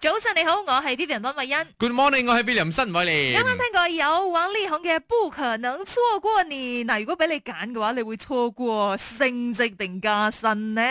早晨你好，我係 Vivian 溫慧欣。Good morning，我係 Billiam 新偉廉。啱啱聽過有王力宏嘅《不可能錯過你》，嗱，如果俾你揀嘅話，你會錯過升職定加薪呢？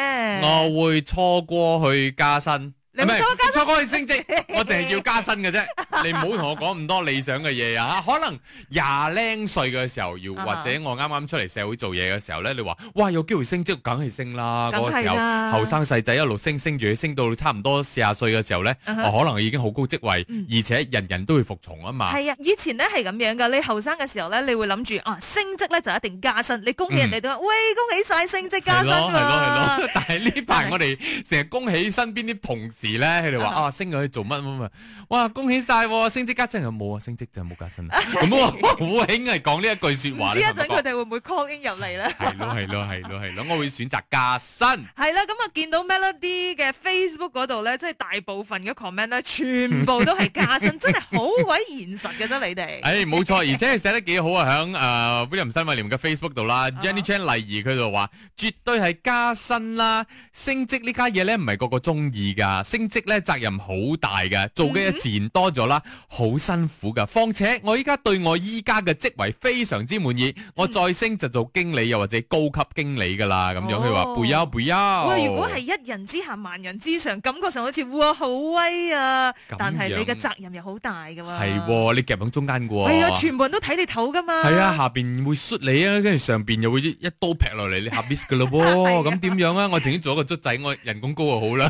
我會錯過去加薪。你咪初哥要升職，我淨係要加薪嘅啫。你唔好同我講咁多理想嘅嘢啊！可能廿零歲嘅時候要，或者我啱啱出嚟社會做嘢嘅時候咧，你話哇有機會升職，梗係升啦。嗰個時候後生細仔一路升升住，升到差唔多四十歲嘅時候咧，可能已經好高職位，而且人人都會服從啊嘛。係啊，以前咧係咁樣噶。你後生嘅時候咧，你會諗住啊升職咧就一定加薪。你恭喜人哋都話：喂，恭喜曬升職加薪啊！係咯係咯係咯。但係呢排我哋成日恭喜身邊啲同事。而咧，佢哋話啊，升佢去做乜咁啊，哇，恭喜曬升職加薪，又冇啊，升職就冇加薪咁啊，好興係講呢一句説話呢？而家陣佢哋會唔會 call in 入嚟咧？係咯係咯係咯係咯，我會選擇加薪。係啦，咁啊見到 Melody 嘅 Facebook 嗰度咧，即係大部分嘅 comment 咧，全部都係加薪，真係好鬼現實嘅啫，你哋。誒冇錯，而且寫得幾好啊，喺誒 William 新偉廉嘅 Facebook 度啦，Jenny Chan 麗儀佢就話絕對係加薪啦，升職呢家嘢咧唔係個個中意㗎。升職咧責任好大嘅，做嘅嘢自然多咗啦，好辛苦噶。況且我依家對我依家嘅職位非常之滿意，我再升就做經理又或者高級經理噶啦，咁樣佢話，杯休杯休。如果係一人之下萬人之上，感覺上好似哇好威啊，但係你嘅責任又好大噶。係，你夾喺中間噶。係啊，全部人都睇你頭噶嘛。係啊，下邊會削你啊，跟住上邊又會一刀劈落嚟，你吓 bis 噶咯。咁點樣啊？我淨係做一個卒仔，我人工高就好啦。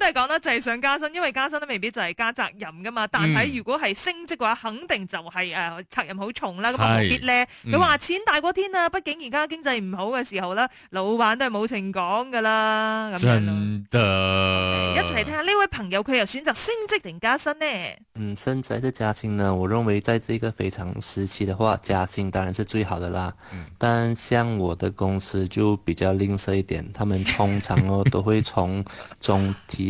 都係講啦，就係、是、想加薪，因為加薪都未必就係加責任噶嘛。但係如果係升職嘅話，肯定就係、是、誒、呃，責任好重啦，咁何必咧？佢話是錢大過天啊，嗯、畢竟而家經濟唔好嘅時候啦，老闆都係冇情講噶啦，咁的樣得。一齊聽下呢位朋友佢又選擇升職定加薪呢？嗯，升職還是加薪呢,、嗯、呢？我認為在這個非常時期嘅話，加薪當然是最好的啦。嗯、但像我的公司就比較吝嗇一點，他們通常、哦、 都會從中提。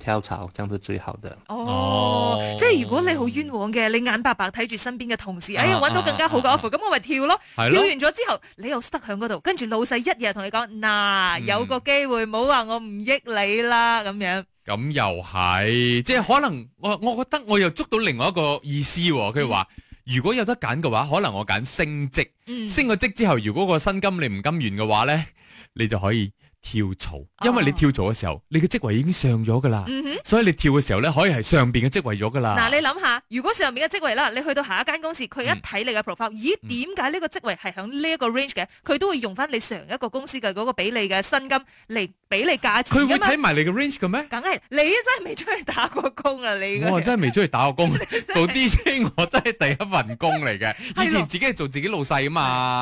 跳槽，這樣係最好的。哦，oh, 即係如果你好冤枉嘅，mm. 你眼白白睇住身邊嘅同事，哎呀，搵到更加好嘅 offer，咁我咪跳咯。係咯的，跳完咗之後，你又 stuck 喺嗰度，跟住老細一日同你講，嗱，有個機會，唔好話我唔益你啦，咁樣。咁、嗯、又係，即係可能我，我覺得我又捉到另外一個意思，佢話如,如果有得揀嘅話，可能我揀升職，嗯、升個職之後，如果個薪金你唔甘願嘅話咧，你就可以。跳槽，因為你跳槽嘅時候，哦、你嘅職位已經上咗噶啦，嗯、哼所以你跳嘅時候咧，可以係上邊嘅職位咗噶啦。嗱、啊，你諗下，如果上邊嘅職位啦，你去到下一間公司，佢一睇你嘅 profile，、嗯、咦，點解呢個職位係響呢一個 range 嘅？佢都會用翻你上一個公司嘅嗰個畀你嘅薪金嚟。俾你價錢，佢會睇埋你嘅 range 嘅咩？梗係你真係未出去打過工啊！你我真係未出去打過工， 做 DJ 我真係第一份工嚟嘅。 的以前自己係做自己老細啊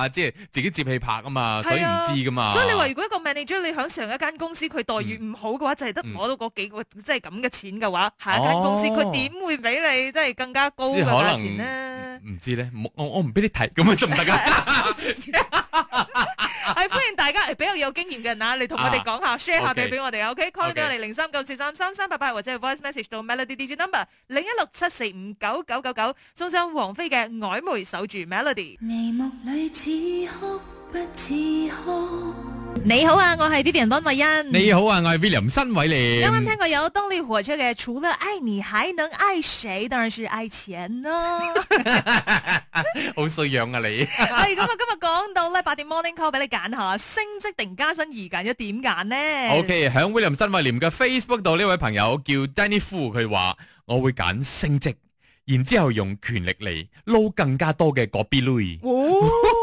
嘛，即係的自己接戲拍啊嘛，啊所以唔知噶嘛。所以你話如果一個 manager 你喺上一間公司佢待遇唔好嘅話，就係、是、得攞到嗰幾個即係咁嘅錢嘅話，下一間公司佢點、哦、會俾你即係更加高嘅價錢咧？可能、唔知咧，我我唔俾你提，咁樣得唔得噶？ 有經驗嘅人啊，你同我哋講下，share 下俾我哋 OK call 俾我哋零三九四三三三八八，或者 voice message 到 Melody DJ number 零一六七四五九九九九，送上王菲嘅《曖昧守住 Melody》。眉目裡似哭不似哭你好啊，我係 Vivian 温慧欣。你好啊，我係 William 新偉你。啱啱聽過有動力火車嘅？除了愛你，還能愛誰？當然是愛錢咯、哦。 好衰樣啊你！係咁啊， 今日講到咧八點 morning call，俾你揀下升職定加薪而揀咗點揀呢？OK 喺 William 新威廉嘅 Facebook 度，呢、okay, 位朋友叫 Danny Fu 佢話：我會揀升職，然之後用權力嚟撈更加多嘅嗰 o l d i d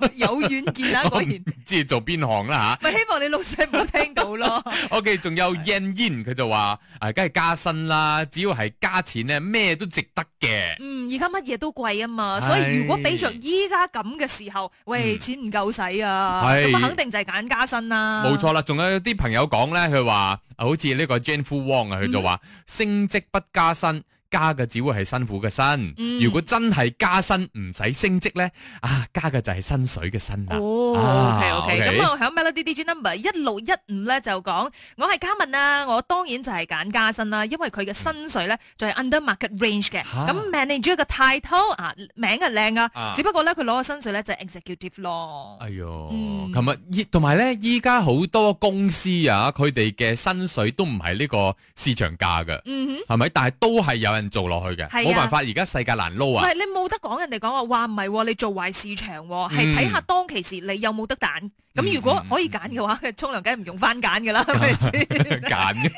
有遠見啊，果然，知做邊行啦吓，咪、啊、希望你老細冇聽到咯。O K，仲有 Yen Yen，佢就話，誒、啊，梗係加薪啦，只要係加錢咧，咩都值得嘅。嗯，而家乜嘢都貴啊嘛，是所以如果比着依家咁嘅時候，喂，嗯、錢唔夠使啊，咁是肯定就係揀加薪啦。冇錯啦，仲有啲朋友講咧，佢話，好似呢個 Jennifer Wong 啊，佢就話升職不加薪。加嘅只會係辛苦嘅辛，如果真係加薪唔使升職咧，啊加嘅就係薪水嘅薪啦。哦，OK OK 咁我喺 Melody DG number 一六一五咧就講，我係嘉文啊，我當然就係揀加薪啦，因為佢嘅薪水咧就係 under market range 嘅。吓咁 manager 嘅 title 啊名係靚啊，只不過咧佢攞個薪水咧就係 executive 咯。哎喲，琴日依同埋咧依家好多公司啊，佢哋嘅薪水都唔係呢個市場價㗎。嗯哼，係咪？但係都係有人，做落去嘅，冇是、啊、辦法，而家世界難撈啊！係你冇得講，人哋講話話唔係，你做壞市場，係睇下當其時你有冇得揀。咁、嗯、如果可以揀嘅話，沖涼梗係唔用返揀噶啦，係咪先揀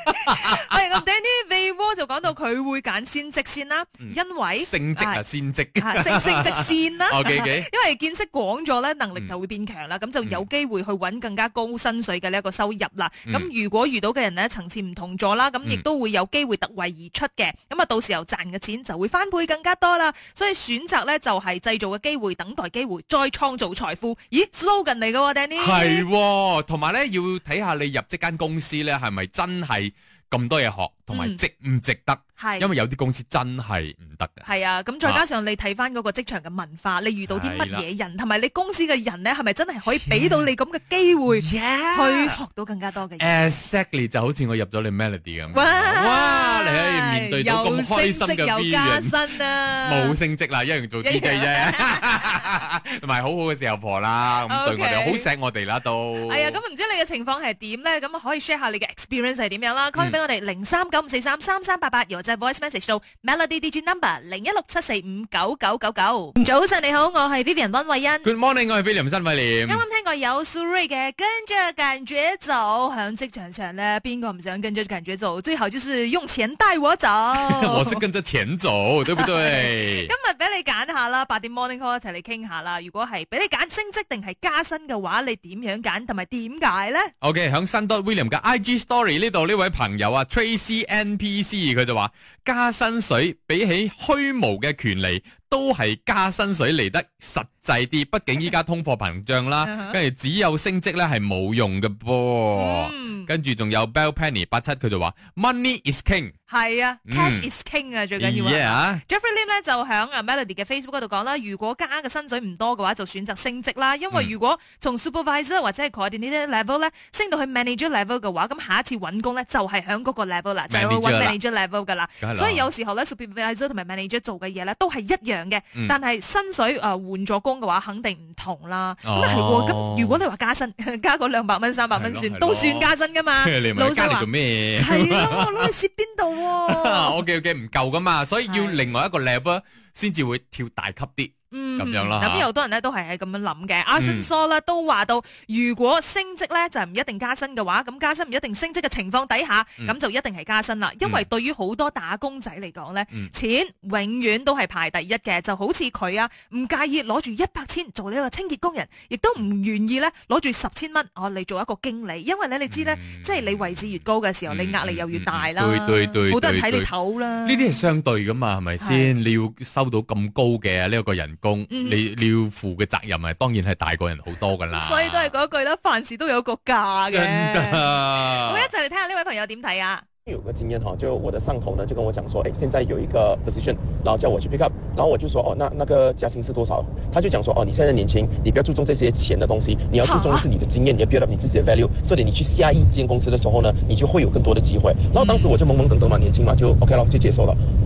？Danny。哥就講到佢會揀先職先啦，因為升職係先職，升升職先啦。因為見識廣咗咧，能力就會變強啦，咁、嗯、就有機會去揾更加高薪水嘅呢一個收入啦。咁、嗯、如果遇到嘅人咧層次唔同咗啦，咁亦都會有機會突圍而出嘅。咁啊、嗯，到時候賺嘅錢就會翻倍更加多啦。所以選擇咧就係製造嘅機會，等待機會，再創造財富。咦，slogan 嚟㗎 Danny 係，同埋咧要睇下你入呢間公司咧係咪真係咁多嘢學。同埋值唔值得，係，因為有啲公司真係唔得㗎。係啊，咁再加上你睇翻嗰個職場嘅文化，你遇到啲乜嘢人，同埋你公司嘅人咧，係咪真係可以俾到你咁嘅機會，去學到更加多嘅嘢？Exactly，就好似我入咗你 Melody 咁。哇，你又面對到咁開心嘅加薪啊，冇升職啦，一樣做 DJ 啫，同埋好好嘅時候婆啦，咁對我哋好錫我哋啦都。係啊，咁唔知你嘅情況係點咧？咁可以 share 下你嘅 experience 係點樣啦？Call 俾我哋零三九。五四三三三八八用只 voice message 到 melody D G number 零一六七四五九九九九。早晨你好，我係 Vivian 温慧欣。Good morning，我係 William 新威廉。啱啱聽過有蘇芮嘅跟着感覺走，響職場上咧，邊個唔想跟着感覺走？最後，就是用錢帶我走。 我識跟着錢走， 對不對？今日俾你揀下啦，八點 morning call 一齊嚟傾下啦。如果係俾你揀升職定係加薪嘅話，你點樣揀？同埋點解咧？OK，響 Sun dot William 嘅 IG story 呢度呢位朋友啊，Tracy。N P C 佢就話。加薪水比起虛無嘅權利都係加薪水嚟得實際啲，畢竟依家通貨膨脹啦，跟住只有升職咧係冇用㗎噃。跟住仲有 Bell Penny 八七佢就話 Money is king，係啊，Cash is king 啊，最緊要啊。Jeffrey Lim 咧就響啊 Melody 嘅 Facebook 嗰度講啦，如果加嘅薪水唔多嘅話，就選擇升職啦。因為如果從 Supervisor 或者係 Coordinator level 咧升到去 Manager level 嘅話，咁下一次搵工咧就係響嗰個 level 啦，就去搵 Manager level 噶啦。所以有時候咧 supervisor 同埋 manager 做嘅嘢咧都係一樣嘅，嗯、但係薪水換咗工嘅話，肯定唔同啦。咁係喎，咁如果你話加薪加個兩百蚊、三百蚊算，都算加薪噶嘛？老做咩？係咯，我攞去蝕邊度？ 我嘅嘅唔夠噶嘛，所以要另外一個 level 先至會跳大級啲。咁樣啦，有好多人咧都係係咁樣諗嘅。阿森說啦，都話到如果升職咧就唔一定加薪嘅話，咁加薪唔一定升職嘅情況底下，咁就一定係加薪啦。因為對於好多打工仔嚟講咧，錢永遠都係排第一嘅。就好似佢啊，唔介意攞住一百千做呢個清潔工人，亦都唔願意咧攞住十千蚊我嚟做一個經理。因為呢，你知咧，即係你位置越高嘅時候，你壓力又越大啦。對對對，好多人睇你頭啦。呢啲係相對噶嘛，係咪先？你要收到咁高嘅呢個人。工、嗯、你你要負嘅責任係當然係大過人好多噶啦，所以都係嗰句啦，凡事都有個價嘅。真的我一齊嚟睇下呢位朋友點睇啊！有個經驗哈，就我的上頭呢就跟我講說，誒、欸，現在有一個 position，然後叫我去 pick up，然後我就說，哦，那那個加薪是多少？他就講說，哦，你現在年輕，你不要注重這些錢的東西，你要注重的是你的經驗，你要 build up 你自己的 value。所以你去下一間公司的時候呢，你就會有更多的機會。然後當時我就懵懵懂懂嘛，年輕嘛，就 OK 咯，就接受了。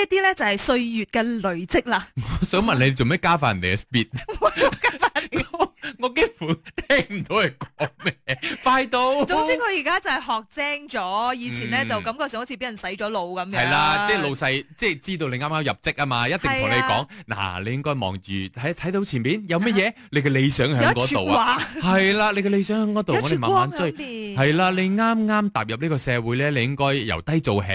呢啲咧就係歲月嘅累積啦。我想問你做咩加快人哋嘅 speed？ 加快 我幾乎聽唔到佢講咩，快到。總之佢而家就係學精咗，以前咧就感覺上好似俾人洗咗腦咁樣。係啦，即係老細，即係知道你啱啱入職啊嘛，一定同你講，嗱，你應該望住睇睇到前面有乜嘢，你嘅理想喺嗰度啊。係啦，你嘅理想喺嗰度，我哋慢慢追。係啦，你啱啱踏入呢個社會咧，你應該由低做起，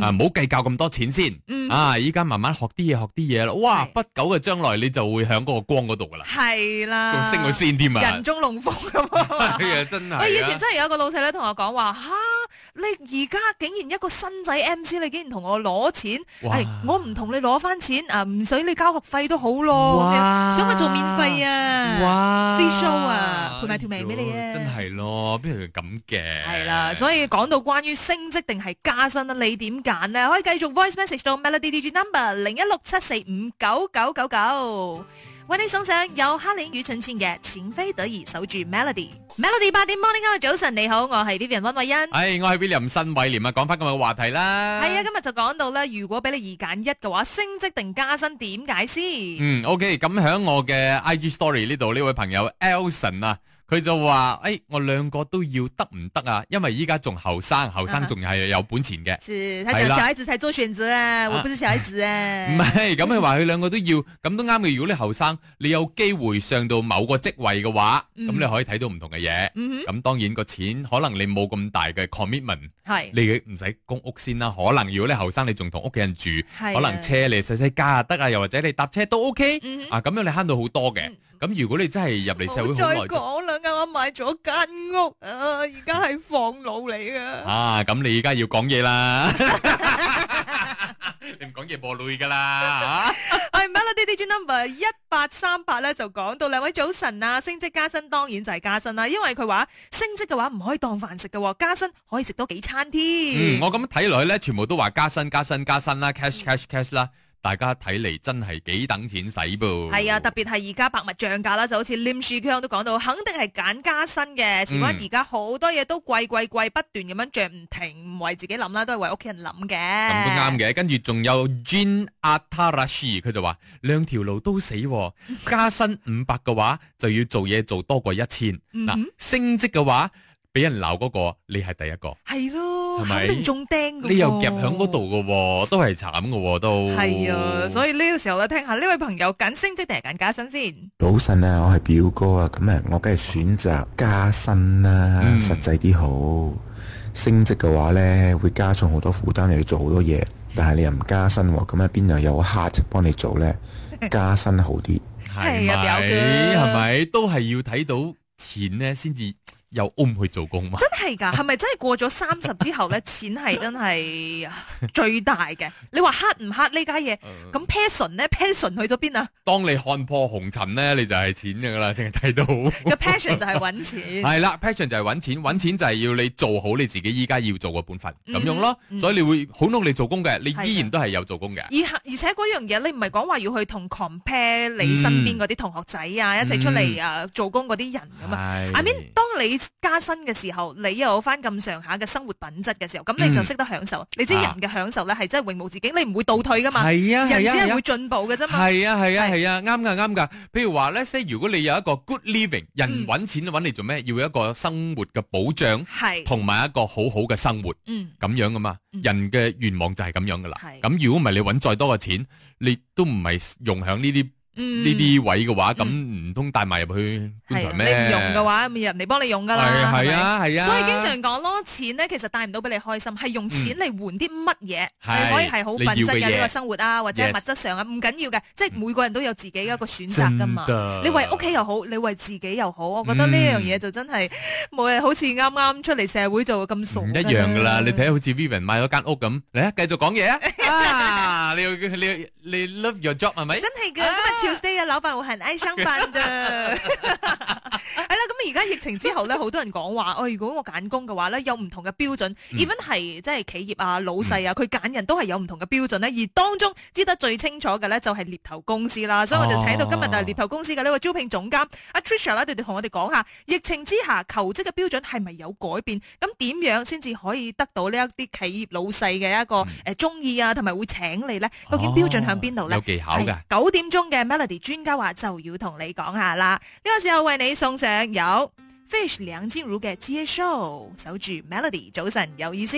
啊，唔好計較咁多錢先。啊，依家慢慢學啲嘢，學啲嘢啦。哇，不久嘅將來你就會喺嗰個光嗰度噶啦。係啦。仲識。人中龍鳳咁啊！係啊，真係。我以前真係有個老細咧同我講話嚇，你而家竟然一個新仔 MC，你竟然同我攞錢？係我唔同你攞翻錢啊，唔使你交學費都好咯。想咪做免費啊？哇！free show 啊，配埋條命俾你咧！真係咯，邊度咁嘅？係啦，所以講到關於升職定係加薪啊，你點揀咧？可以繼續 voice message 到 Melody DJ number 零一六七四五九九九九。為你送上有哈林與陳千嘅淺飛得而守住 melody，melody 八點 morning call 早晨你好，我係 Vivian 溫慧欣，hey, 我係 William 辛偉廉啊，講翻今日嘅話題啦，係啊，今日就講到咧，如果俾你二揀一嘅話，升職定加薪，點解先？嗯，OK，咁響我嘅 IG story 呢度呢位朋友 Alison 啊。佢就話，誒、哎，我兩個都要得唔得啊？因為依家仲後生，後生仲係有本錢嘅。是，係啦，小孩子才做選擇啊，啊我不是小孩子啊。唔係，咁你話佢兩個都要，咁 都啱嘅。如果你後生，你有機會上到某個職位嘅話，咁，嗯，你可以睇到唔同嘅嘢。咁，嗯，哼當然個錢可能你冇咁大嘅 commitment，係是，你唔使供屋先啦。可能如果你後生，你仲同屋企人住，啊，可能車你細細家下得啊，又或者你搭車都 OK，嗯，哼啊，咁樣你慳到好多嘅。嗯咁如果你真係入嚟社會好耐，我再講啦，我買咗間屋啊，而家係房老嚟啊。啊，咁你而家要講嘢啦，你唔講嘢冇女噶啦吓。係咪啦？D D G number 一八三八咧，就講到兩位早晨啊，升職加薪當然就係加薪啦，因為佢話升職嘅話唔可以當飯食嘅，加薪可以食多幾餐添。嗯，我咁睇落去咧，全部都話加薪加薪加薪啦，cash cash cash 啦。大家睇嚟真係幾等錢使噃，係啊！特別係而家百物漲價啦，就好似廉樹強都講到，肯定係揀加薪嘅。事關而家好多嘢都貴貴貴，不斷咁樣漲唔停，唔為自己諗啦，都係為屋企人諗嘅。咁都啱嘅。跟住仲有 Jean Atarashi，佢就話兩條路都死，加薪五百嘅話就要做嘢做多過一千、嗯哼。嗱、啊，升職嘅話。俾人鬧嗰個，你係第一個，係咯的，係咪？肯定中釘啊。你又夾響嗰度嘅，都係慘嘅都。係啊，所以呢個時候咧，聽下呢位朋友揀升職定係揀加薪先。早晨啊，我係表哥啊，咁啊，我梗係選擇加薪啦，實際啲好。升職嘅話咧，會加重好多負擔，你要做好多嘢。但係你又唔加薪喎，咁喺邊度有個 heart 幫你做咧？ 加薪好啲，係啊，表哥，係咪都係要睇到錢咧先至有 O 唔去做工嘛？真係噶，係咪真係過咗三十之後咧？錢係真係最大嘅。你話黑唔黑呢家嘢？咁 passion 咧，passion 去咗邊啊？當你看破紅塵咧，你就係錢噶啦，淨係睇到。個 passion 就係搵錢。係啦，passion 就係搵錢，搵錢就係要你做好你自己依家要做嘅本分咁樣咯。所以你會好努力做工嘅，你依然都係有做工嘅。而而且嗰樣嘢，你唔係講話要去同 compare 你身邊嗰啲同學仔啊，一齊出嚟啊做工嗰啲人咁啊。I mean，當你。加薪嘅時候，你又有翻咁上下嘅生活品質嘅時候，咁你就識得享受。你知人嘅享受咧，係真係永無止境，你唔會倒退噶嘛。係啊，人至係會進步嘅啫嘛。係啊，係啊，係啊，啱噶，啱噶。譬如話咧，即係如果你有一個 good living，人揾錢揾你做咩？要一個生活嘅保障，同埋一個好好嘅生活。嗯，咁樣噶嘛。人嘅願望就係咁樣噶啦。咁如果唔係你揾再多嘅錢，你都唔係用響呢啲。嗯，呢啲位嘅話，咁唔通帶埋入去商場咩？你唔用嘅話，咪人哋幫你用噶啦，係啊，係啊。所以經常講咯，錢咧其實帶唔到俾你開心，係用錢嚟換啲乜嘢，可以係好品質嘅呢個生活啊，或者係物質上啊，唔緊要嘅，即係每個人都有自己嘅一個選擇噶嘛。你為屋企又好，你為自己又好，我覺得呢樣嘢就真係冇係好似啱啱出嚟社會做咁傻。唔一樣噶啦，你睇好似 Vivian 買咗間屋咁，嚟啊，繼續講嘢啊！啊，你你你 love your job 係咪？真係噶。要 You stay 啊， 老闆會恨哀生飯嘅。係啦，咁而家疫情之後咧，好多人講話，哦，如果我揀工嘅話咧，有唔同嘅標準。even 係、嗯、即係企業啊、老細啊，佢揀、嗯、人都係有唔同嘅標準咧。而當中知得最清楚嘅咧，就係獵頭公司啦。所以我就請到今日啊，獵頭公司嘅呢個招聘總監阿 Trisha 啦，佢哋同我哋講下疫情之下求職嘅標準係咪有改變？咁點樣先至可以得到呢一啲企業老細嘅一個誒中意啊，同埋會請你咧？哦、究竟標準響邊度咧？有技巧嘅。九點鐘嘅咩？Melody 專家話就要同你講下啦，呢、這個時候為你送上有 Fish 兩千五嘅 G A Show，守住 Melody 早晨有意思。